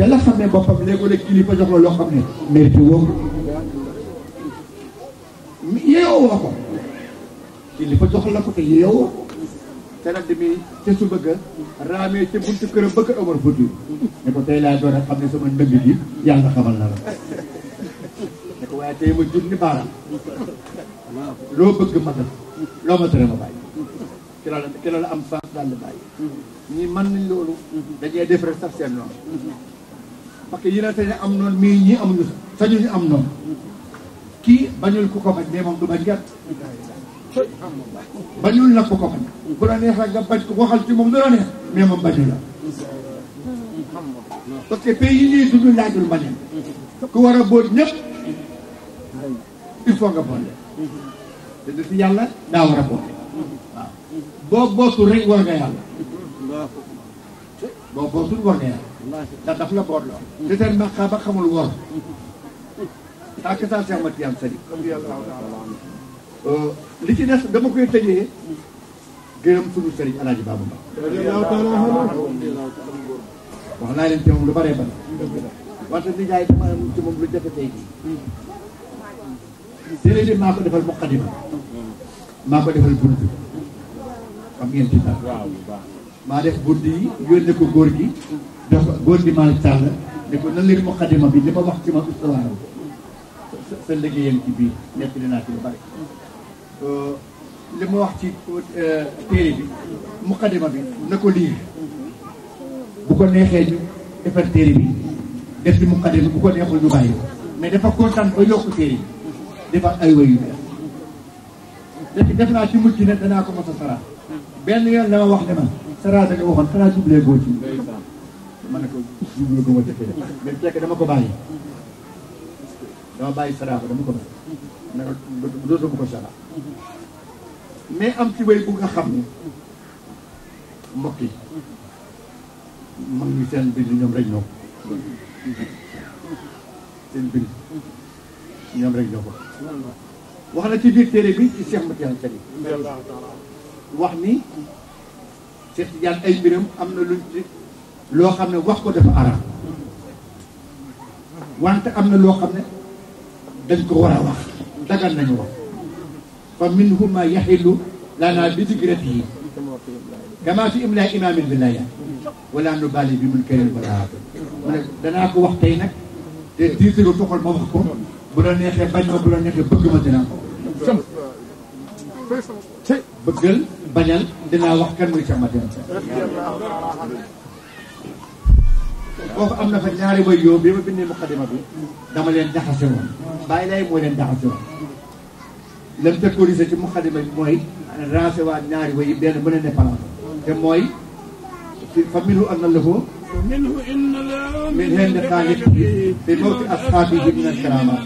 te la xamee boppam léegoo-léeg kilifa jox la loo xam ne mérité woo ko yeewoo kilifa jox la ko te yeewoo ko te nag demi ca su bëgg raamee ca buntu këram bëgg Omar Fouti ne ko tey laa doon a xam ne sama ndëgg gi yàlla xamal na la ne ko waaye tey ma jur ni baaraam loo bëgg ma loo ma tere ma bàyyi ki la am baax daal bàyyi ñi mën nañ loolu dañuy def sax seen noonu parce que yi la sañ am noonu mais ñi amuñu sañuñu am noonu kii bañul ku ko bañ mais moom du bañ gàtt bañul nag ku ko bañ bu la neex rek nga bañ ko waxal ci moom du la neex mais moom bañu la parce que pays yi ñuy dund laajul mbañeel ku war a boot ñëpp il faut nga boole te da yàlla daa war a boole boo bootul rek war nga yàlla boo bootul war nga yàlla ndax daf la boot loo te seen maqaaba xamul wor ak sa Cheikh Mati Yane Sali euh, li ci des dama koy tëjee gërëm sunu sëriñ alaaji Baaba Ba wax naa leen ci moom lu bëree bëri wante ni jaay dama am ci moom lu jafe tey jii téere bi maa ko defal muqaddima maa ko defal bunt maa def bunt yi yónnee ko góor gi dafa góor gi Malick Sall ne ko na liir muqaddima bi li ma wax ci ma ustawaanu sa sa liggéeyam ci biir nekk dinaa ci lu bari li ma wax ci téere bi muqaddima bi na ko liir bu ko neexee ñu defal téere bi def ci muqaddima bu ko neexul ñu bàyyi ko mais dafa kontaan ba yokk téere bi dafa ay wayu beex def def naa ci mujj ne danaa ko mos a sara benn yoon la ma wax ne ma sara da nga waxoon sara jublee góor ci ma ne ko jublu gu ma jëkkee def mais fekk dama ko bàyyi dama bàyyi saraaba dama ko bàyyi ko ko sara mais am ci wey bu nga xam ne mbokk yi mag ñi seen bind ñoom rek ñoo ko seen bind ñoom rek ñoo ko wax na ci biir téere bi ci Cheikh Matiane Sali wax ni Cheikh Tidiane ay mbiram am na luñ ci loo xam ne wax ko dafa araam wante am na loo xam ne dañ ko war a wax dagal nañu wax fa minhu ma yaxilu lana bi digratihi kama fi imla imaamin bilaya wala nu bali bi mun kërin wala mu ne danaa ko wax tey nag te diisalu toxal ma wax ko bu la neexee bañ ma bu la neexee bëgg ma dinaa ko wax bëggal bañal dinaa wax kan muy sama dem foofu am na fa ñaari way yow bi ma bindee muqaddima bi dama leen jaxase woon bàyyi lay moo leen jaxase woon lam te corrigé ci muqaddima bi mooy rancé waa ñaari way yi benn mën a ne palan te mooy fa minhu anna lahu min hen xaalis bi te mawti asxaabi bi min alkaramat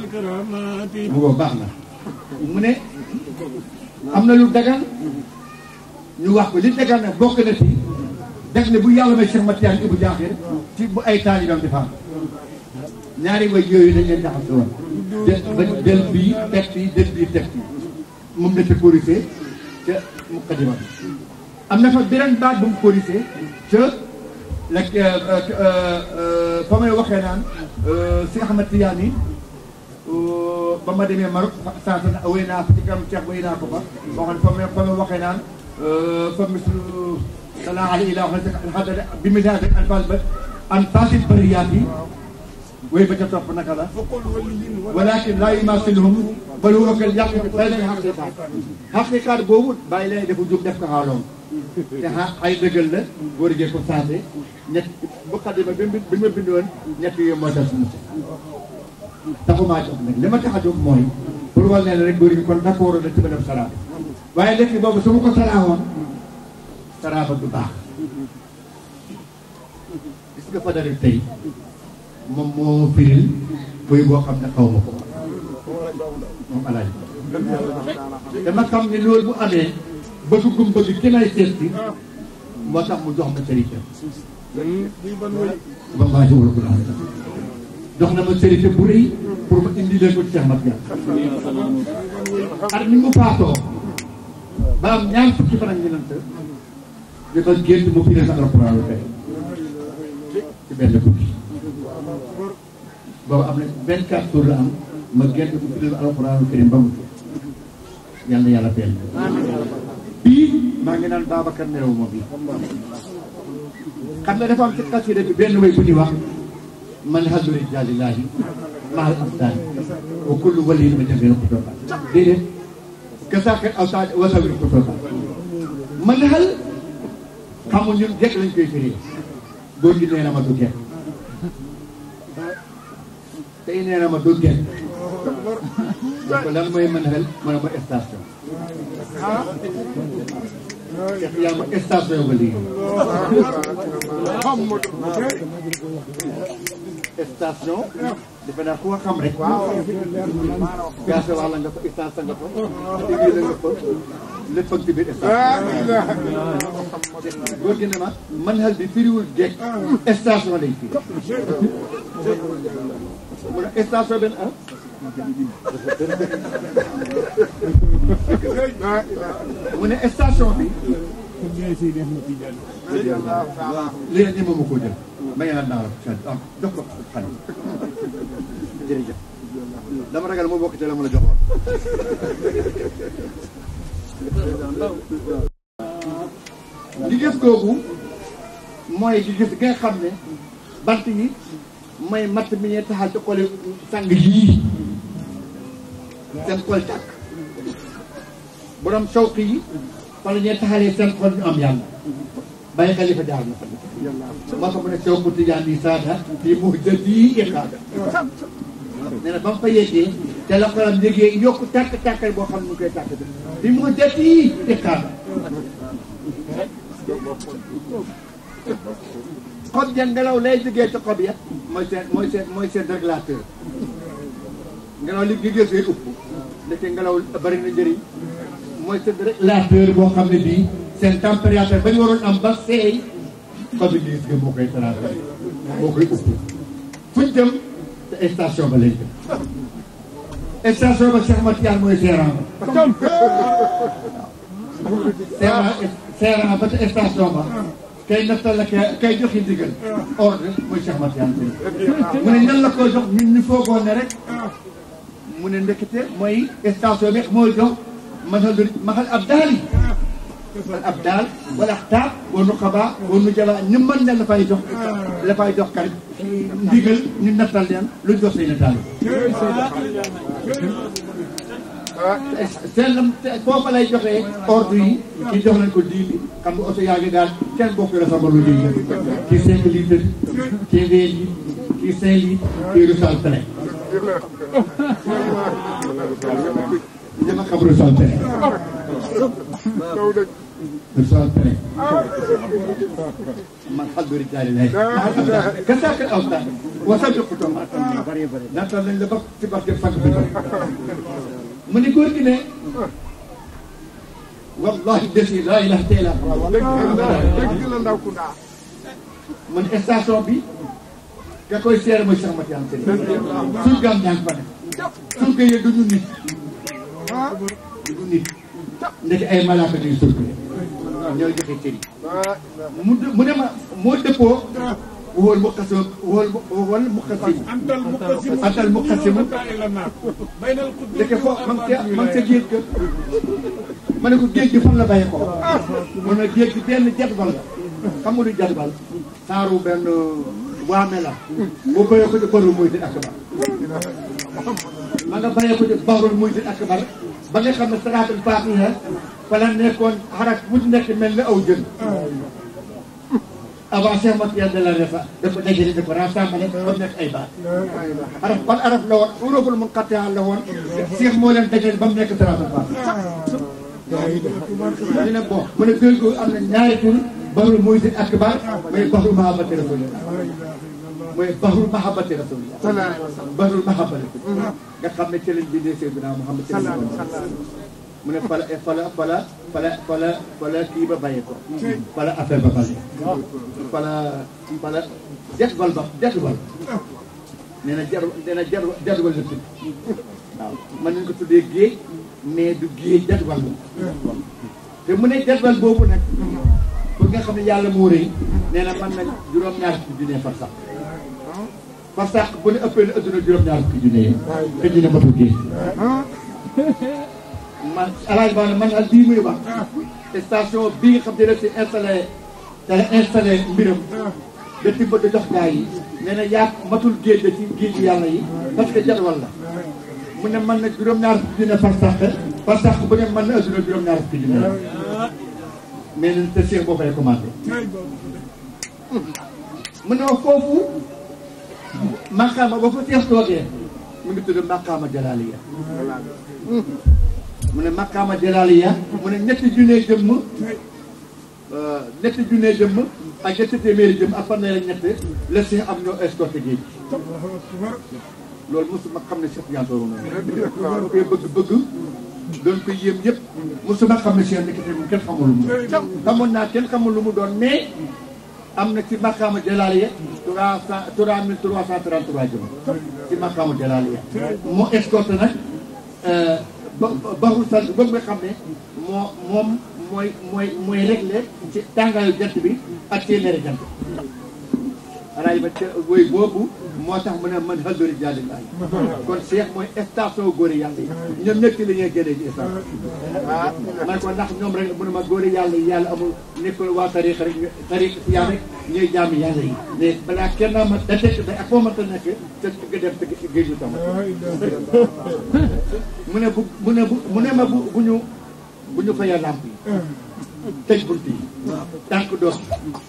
mu ko baax na mu ne am na lu dagan ñu wax ko li dagan nag bokk na ci def ne bu yàlla may Cheikh Matiyaan bu Diakhir ti bu ay taalibeem di faam ñaari way yooyu dañ leen jaxas woon ba del bii teg yi ca corrigé ca am na fa beneen baat bu mu corrigé ca la euh, euh, euh, fa may waxee naan si Ahmad Tijaan yi ma demee Maroc sa wéy naa fa ci kanam Cheikh wéy naa ko fa boo xam ne fa may fa may waxee naan fa misul صلاحي الى حضر بمداد الفال ان تاتي برياتي وي بجت اپنا کلا ولكن لا يماثلهم بل هو كل يوم بين حق حق كار بو بايل اي دفو جوك دف كالون ها اي دغل لا غورجي كو ساتي نيت بقديمه بيم بيم بيندون نيت يوم ما داس تاكو ما جوك نك لما تاجوك موي بروال نل رك غورجي كون داكو رو دتي بنم سلام واي لكي بابا سمو كو سلام taraaba bu baax gis nga Fadel moom moo firil buy boo xam ne xaw ma ko moom alaaj dama xam ne loolu bu amee bëgg gum bëgg ki may seet si moo tax mu jox ma sérité ba maa jowla laa jox na ma sérité bu rëy pour ma indi leen ko Cheikh Mat ni mu faatoo ba am ñaar fukki fan ak ñeent jotoon gént mu firi sax alxuraan bi ci benn guddi boobu am na benn quatre jours la am ma gént mu firi alxuraan karim ba mu yàlla yàlla teel bii maa ngi naan Babacar nerew ma bii xam nga dafa am ci xasida bi benn way bu ñuy wax man halu rijalillaahi mahal abdaani wa kullu waliin ma jëfee ko toogal déedéet ka saakir awsaad wasaawir ko toogal man hal xam nga ñun gerte lañ koy firi góor gi nee na ma du gerte tey nee na ma du gerte donc lan mooy mën xel ma ne ma station Cheikh yaa ma station nga liggéey station defe naa ku ko xam rek gaase wax la nga fa station nga fa liggéey la nga fa لفك بالإساس قلنا منهل بفيريول جيك إساس ولا يفير إساس ولا بنأ من إساس ولا ليه دي مو موجودة ما ينال شاد آه دكتور حلو جريجة لما رجع المو بوقت لما نجوا di gis googu mooy di gis nga xam ne bant yi mooy matt mi ñuy taxal ci xoli sàng yii seen xol càkk borom sawq yi fan la ñuy taxalee seen xol ñu am yàlla bàyyi xalifa jaar na fa moo tax mu ne sawqu tijaan yi saada fii mu jël yii iqaada nee na ba mu fa yeggee te la xolam liggéey yokk tàkk tàkkal boo xam ne mu koy tàkk bi bi mu dati xob ja ngelaw lay liggéey ci xob ya mooy seen mooy seen mooy ngelaw li liggéey say upp ndeke ngelaw bari na njëriñ mooy seen régulateur boo xam ne bii seen température ba ñu waroon am ba seey xobi liis ga moo koy transféré moo koy upp fuñ jëm station ba lay jëm et ça je me suis remonté à moi gérant سير انا بدا استاسيون كاين لك كاين دوخ يدقل اوردر ويش احمد يعني من يلا كو جوخ من فوق وانا رك من النكتة مي استاسيون بيخ مو جوخ مثل مثل ابدالي الابدال والاحتاب والنقباء والنجلاء نمن لفاي جوخ لفاي جوخ كريم ndigal ñu nattal leen luñ dox say nataal seen foofa lay joxe ordre yi ci jox nañ ko dix xam nga oto yaa ngi daal kenn bokk la sama lu jënd ci cinq litres ci vingt yi ci cinq litres ci rusal tene dama xam rusal tene إرسال طريق من حضر رجال الله كساك الأوطان وصدق كتما نطلع لن لبق تبقى تبقى من يقول كده والله دسي لا إله إلا الله من إستاسو بي كاكوي سير مو شامت يام تري سو جام نان فانا سو كي يدوني نيت دوني نيت ay malaka ni sokle ñooy joxe kër yi. mu mu ne ma moo dëppoo. wóol mu xas wóol wóol mu xas antal mu xas mu. dëkk foofu ma nga ma nga ca géej ga. ma ne ko géej gi fan la bàyyi ko. mu ne géej gi benn jatbal la. xam nga du jatbal. saaru benn waame la. boo bàyyee ko ci barul muy di akbar. ma nga bàyyee ko ci barul muy di akbar ba nga xam ne salaatul faatiha فلم يكن حرك مدنك من الأوجن أبو عسيه مطيا دلا رفا دب نجري دب راسا مدنك مدنك أيبا أرف بل أرف لو حروف المنقطعة لهون سيخ مولا دجري بمنك ترابا من الدول أن النار يكون بحر مويد الأكبر من بحر محبة رسول الله من بحر محبة رسول الله بحر محبة رسول الله قد خمت تلين بيدي سيدنا محمد صلى الله عليه وسلم mu ne fala fala fala fala fala fala kii ba bàyyi ko fala affaire ba bàyyi fala fala jatwal ba jatwal nee na jar nee na jar jatwal la tudd waaw mën nañu ko tuddee géej mais du géej jatwal la te mu ne jatwal boobu nag pour nga xam ne yàlla moo rëy nee na man na juróom-ñaar fukki junne farsax farsax bu ne ëppee ne adduna juróom-ñaar fukki junne yi te ne matul géej man alaaj baa ne man ak bii muy wax te ah. station bi nga xam ne def si installé dana installé mbiram da tibb da jox gaa yi nee na yaa matul géej da ci géej yàlla yi parce que jadwal la mu ne man na juróom-ñaar fukki dina par sàq par sàq bu ne man na adduna juróom-ñaar fukki dina mais te seex boo koy commandé mu ne foofu maqaama boo fa seex toogee mu ngi tudd maqaama jalaaliya mu ne makkaama jalaaliya mu ne ñetti junne jëmm euh, ñetti junne jëmm ak ñetti téeméeri jëmm ak fanweer ak ñett la si am ñoo escorté géej loolu mosuma xam ne Cheikh Ndiane Soro moom koy yëpp mosuma xam ne Cheikh nekkati moom kenn xamul lu mu xamoon naa kenn xamul lu mu doon mai am na ci makkaama jalaaliya trois cent trois mille trois cent trente trois jëmm ci makkaama jalaaliya mu escorté nag euh, ba baxul sant boobu nga xam ne moo moom mooy mooy mooy réglé ci tàngaayu jant bi ak téeméeri jant. rajo ba ca wéy boobu. moo tax mu ne man xëldori jallim ay kon seex mooy station góori yàlla yi ñoom ñëpp ci li ñuy génnee ci station ah. man ko ñoom rek mu ne ma góori yàlla yi yàlla amul nekkul waa tariq rek tariq si jaami yàlla yi mais balaa kenn ma datek da ak foo mënta nekk te nga ah, ne bu mu ne bu mu ne ma bu bu ñu bu tëj bunt yi. tànk doom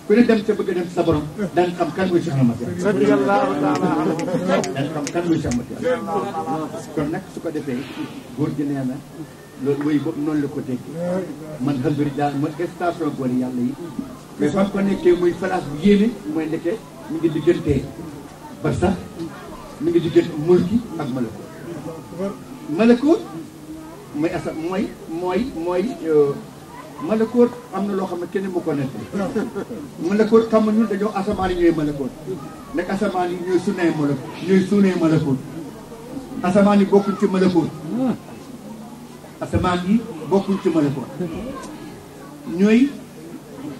ku ne dem ca bëgg a dem sa borom daan xam kan muy Cheikh Ahmad Tidiane daan xam kan muy Cheikh Ahmad Tidiane kon nag su ko defee góor gi nee na loolu mooy boobu noonu la ko déggee man alhamdulilah man station góor yàlla yi mais fam ko nekkee muy place bu mooy nekkee mu ngi diggante ba mu ngi diggante mulki ak malako malako mooy asa mooy mooy mooy euh, malakoot am na loo xam ne kenn mu ko nekk malakoot xam nga ñun dañoo asamaan yi ñooy malakoot nekk asamaan yi ñooy sunee malakoot ñooy sunee malakoot yi bokkuñ ci malakoot asamaan yi bokkuñ ci malakoot ñooy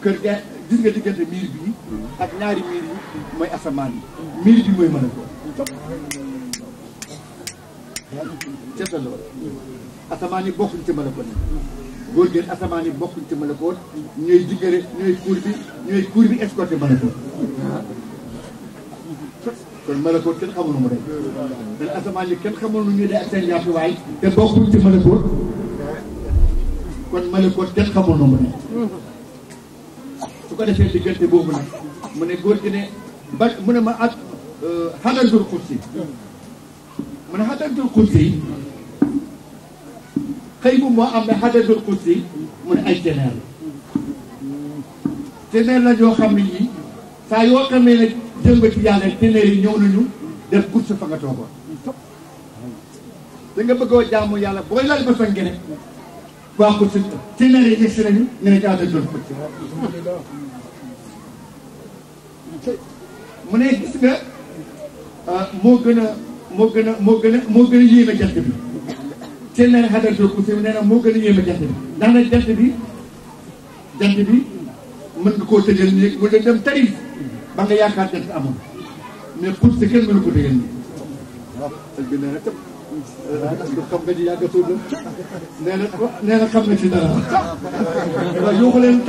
kër ga di nga diggante miir bi ak ñaari miir yi mooy asamaan yi miir bi mooy malakoot cetalool asamaan yi bokkuñ ci malakoot gorgel jël bokku yi bokkuñ ci malakoot ñooy diggale ñooy kuur bi ñoy cour bi escorté malakoot kon malakoot kenn xamul mu de dal asamaan yi kenn xamul nu ñuy dee ak seen way te bokku ci malakoot kon malakoot kenn xamul mu de su ko défé digënté bobu nak mu ne góor gi ne ba mu ne ma ak dur kursi mu ne hadal dur kursi قيموا مو أمي حدا بالقدسي من أجل تنال تنال لجو خمي سايو كمين جنب تيانا تنال نيونيو در قدس فقطوبا تنجا بقوة جامو يالا بوي لال بسنجنة با قدس تنال يسرني من أجل تنال بالقدسي mune gis nga mo gëna mo gëna mo gëna mo gëna yéema jant bi seen leen xadartul xu si na moo gën a yéeme bi ndax bi jant bi mën nga koo tëjal nii mu de dem tarif ba nga yaakaar jant amoon mais pour si kenn mënu ko tëjal nii xam nga ji yàggatul nee na nee na xam nga ci dara waaw yoo ko leen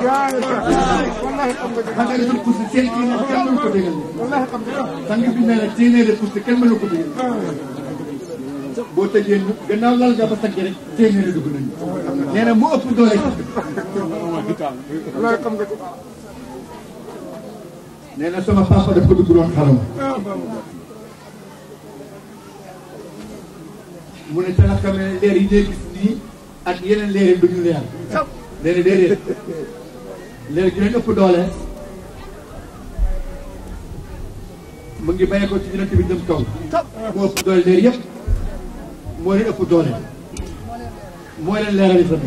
xanaa itam kursi tey kii moom kenn mënu ko dégal. sànq bi nee na téeméeri kursi kenn mënu ko dégal. boo tëjee ñu gannaaw lal nga ba tagg rek téeméeri dugg nañu. nee na mu ëpp doole ji. nee na sama papa daf ko dugg doon xaram. mu ne tala xamee leer yi ngay gis nii ak yeneen leer yi duñu leer. nee na déedéet. léegi dinañ ëpp doole mu ngi bàyyi ko ci dina bi dem kaw moo ëpp doole léegi yëpp moo leen ëpp doole moo leen leeral itam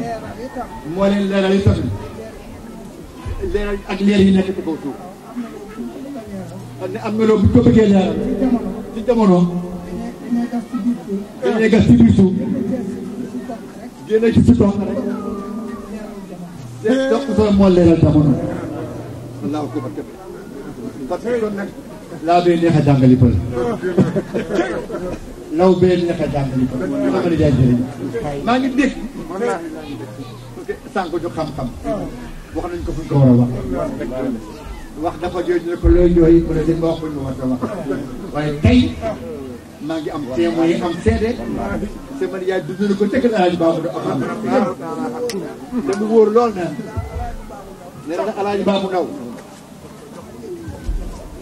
moo leen leeral itam leeral ak leer yi nekk ci suuf ne am na loolu bu ko bëggee leeral ci jamono dañuy gas ci biir suuf génne si toog dokkutoon moo leeral jamono allahu akbar parce que kon nag laa bee neex a jàngali pël law bee neex a jàngali pël sama nijaay jëriñ maa ngi dégg parce que sànq ñu xam-xam wax nañ ko fu ñu ko war a wax wax dafa jooju ne ko looy jooy mu ne di ma wax ko ñu war a wax waaye tey maa ngi am témoin yi am na ko tëgg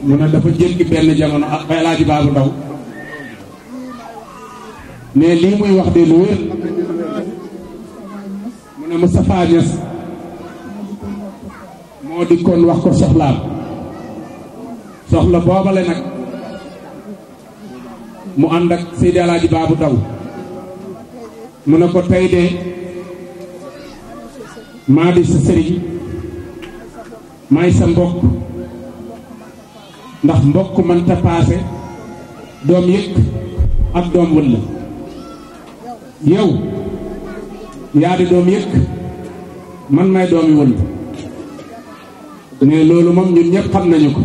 mu ne dafa jéggi benn jamono ak ah, ba alaaji Babou Ndaw ne lii muy wax de lu wér mu ne Moustapha Niass moo dikkoon wax ko soxlaam soxla boobale nag mu ànd ak Seydi Alaaji Baabu Daw mu ne ko tey de maa di sa sëriñ maay sa mbokk ndax mbokk mënta paase doom yëkk ak doom wëlla yow yaa di doom yëkk man may doomi wëll mais loolu moom ñun ñëpp xam nañu ko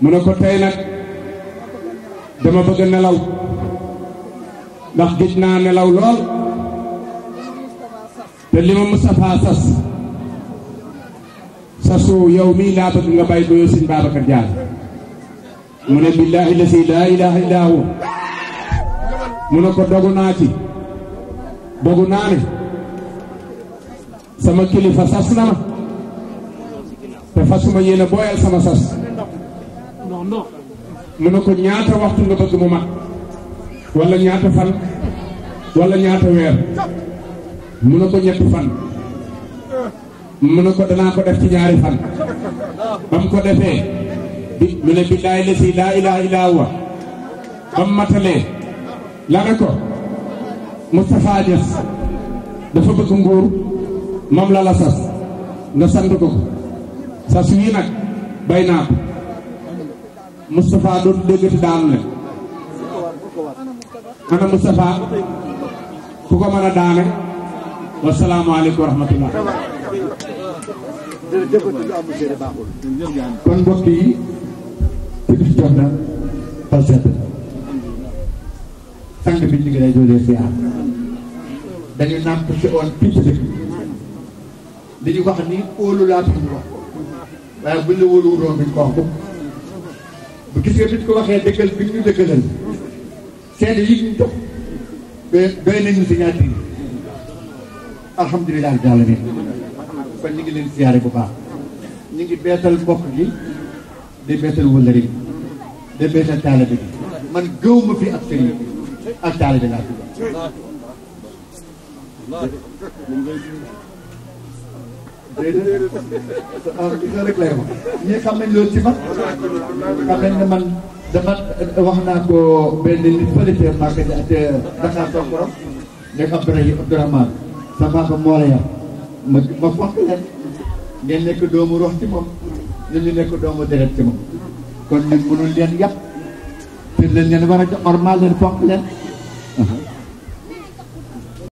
mu ne ko tey nag dama bëgg a nelaw ndax gis naa nelaw lool te li ma Moustapha sas sasu yow mii laa bëgg nga bàyyi ko yow sëñ Babacar Diar mu ne billaahi lasi laa ilaaha illaa hu mu ne ko dogu naa ci dogu naa ne sama kilifa sas na ma te fasuma yéene booyal sama sas mu ne ko ñaata waxtu nga bëgg mu mat wala ñaata fan walla ñaata weer mu ne ko ñetti fan mu ne ko danaa ko def ci ñaari fan ba mu ko defee bi mu ne billaay la si laa ilaa ilaa wa ba mu matalee la ko Moustapha Niass dafa bëgg nguur moom la la sas nga sant ko ko sas wii nag bay naa ko Moustapha dootu déggati daanu le ana Moustapha ku ko mën a daane wasalaamaaleykum wa rahmatullah kon mbokk yi timis jot na xol sang bi ñu ngi lay joolee siyaar dañu nàmp ci oon picc dëkk li ñu wax ni óolu laa tax ñu wax waaye buñ la wóolu wutoon duñ ko wax gis nga bi ñu ko waxee dëggal bi ñu dëggalal seede yi ñu jox ba bay nañu si ñaar yi alhamdulilah bi alamin kon ñu ngi leen siyaare bu baax ñu ngi beetal mbokk gi di beetal wëllëri di beetal taalibe bi man gëw ma fi ak sëriñ ak taalibe laa fi déedéet ah rek lay wax ñii xam nañ loolu ci man xam nañ ne man dama wax naa ko benn nit fële ca Màkka Dakar toog borom nga xam ne Abdourahmane sa papa moo la yar ma ma wax leen ngeen nekk doomu rox ci moom ñun ñu nekk doomu deret ci moom kon ñun mënul leen yàpp te leen leen war a jox normal leen fonk leen.